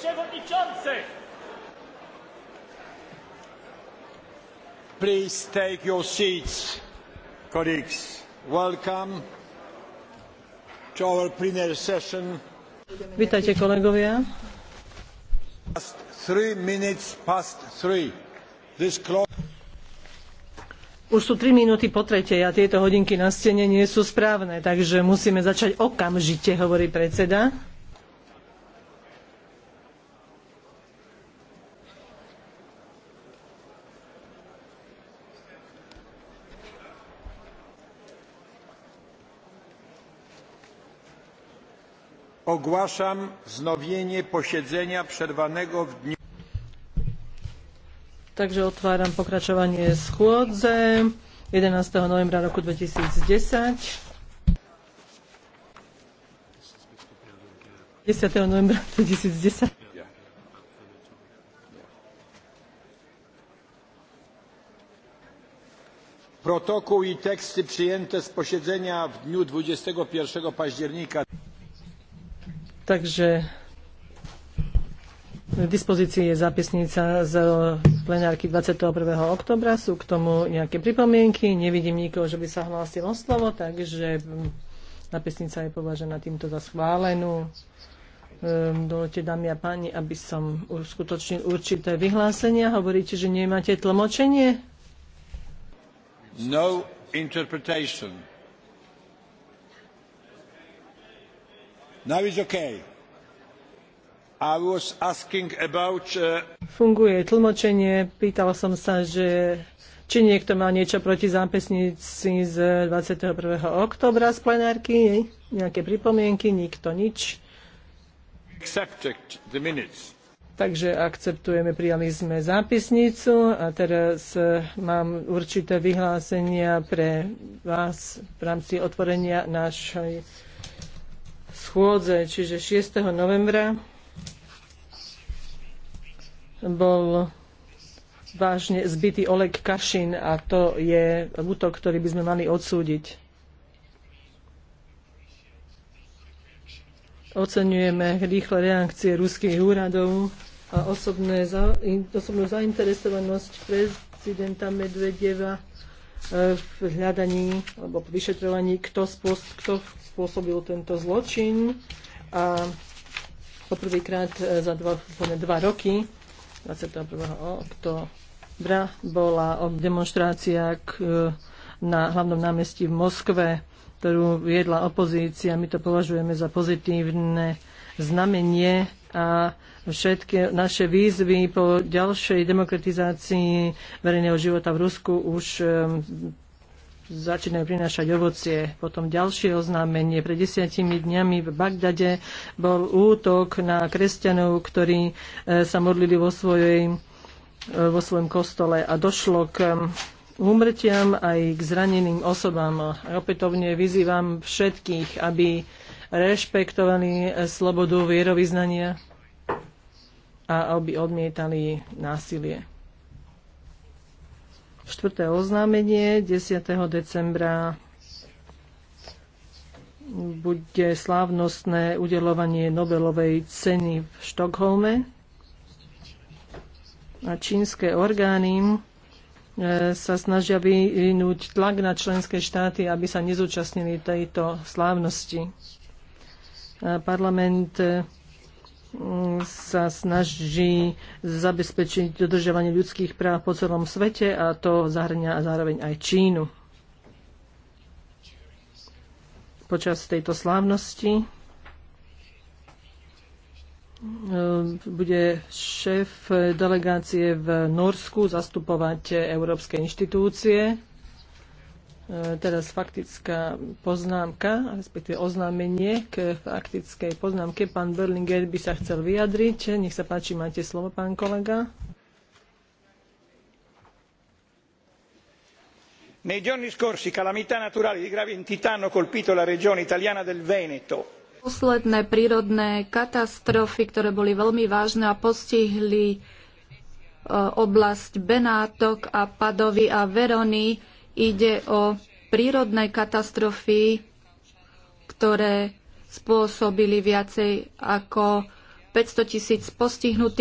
Przewodniczący! Please take your seats, colleagues. Welcome to our plenary session. Vítajte kolegovia. Past three minutes past three. This clock... Už sú 3 minúty po tretej a tieto hodinky na stene nie sú správne, takže musíme začať okamžite, hovorí predseda. Ogłaszam wznowienie posiedzenia przerwanego w dniu. Także otwieram pokraczowanie schłodze 11. novembra roku 2010. 10. novembra 2010. protokół i teksty przyjęte z posiedzenia w dniu 21 października Takže v dispozícii je zápisnica z plenárky 21. oktobra. Sú k tomu nejaké pripomienky. Nevidím nikoho, že by sa hlásil o slovo, takže zápisnica je považená týmto za schválenú. Ehm, dovolte, dámy a páni, aby som uskutočnil určité vyhlásenia. Hovoríte, že nemáte tlmočenie? No interpretation. Now it's okay. I was asking about, uh... Funguje tlmočenie. Pýtal som sa, že či niekto má niečo proti zápisnici z 21. oktobra z plenárky. Nejaké pripomienky? Nikto nič. Takže akceptujeme, prijali sme zápisnicu a teraz e, mám určité vyhlásenia pre vás v rámci otvorenia našej schôdze, čiže 6. novembra bol vážne zbytý Oleg Kašin a to je útok, ktorý by sme mali odsúdiť. Oceňujeme rýchle reakcie ruských úradov a osobné za, osobnú zainteresovanosť prezidenta Medvedeva v hľadaní alebo vyšetrovaní, kto, spôsob, kto spôsobil tento zločin. A poprvýkrát e, za dva, dva roky, 21. oktobra, bola demonstrácia k, e, na hlavnom námestí v Moskve, ktorú viedla opozícia. My to považujeme za pozitívne znamenie a všetky naše výzvy po ďalšej demokratizácii verejného života v Rusku už začínajú prinášať ovocie. Potom ďalšie oznámenie. Pred desiatimi dňami v Bagdade bol útok na kresťanov, ktorí e, sa modlili vo, svojej, e, vo svojom kostole a došlo k úmrtiam aj k zraneným osobám. A opätovne vyzývam všetkých, aby rešpektovali eh, slobodu vierovýznania a aby odmietali násilie. Štvrté oznámenie 10. decembra bude slávnostné udelovanie Nobelovej ceny v Štokholme a čínske orgány eh, sa snažia vyvinúť tlak na členské štáty, aby sa nezúčastnili tejto slávnosti. Parlament eh, sa snaží zabezpečiť dodržiavanie ľudských práv po celom svete a to zahŕňa zároveň aj Čínu. Počas tejto slávnosti eh, bude šéf delegácie v Norsku zastupovať európske inštitúcie E, teraz faktická poznámka, respektíve oznámenie k faktickej poznámke. Pán Berlinger by sa chcel vyjadriť. Nech sa páči, máte slovo, pán kolega. Nei giorni scorsi calamità naturali di grave entità hanno colpito la regione italiana del Veneto. Posledné prírodné katastrofy, ktoré boli veľmi vážne a postihli e, oblasť Benátok a Padovy a Verony, Ide o prírodné katastrofy, ktoré spôsobili viacej ako 500 tisíc postihnutých.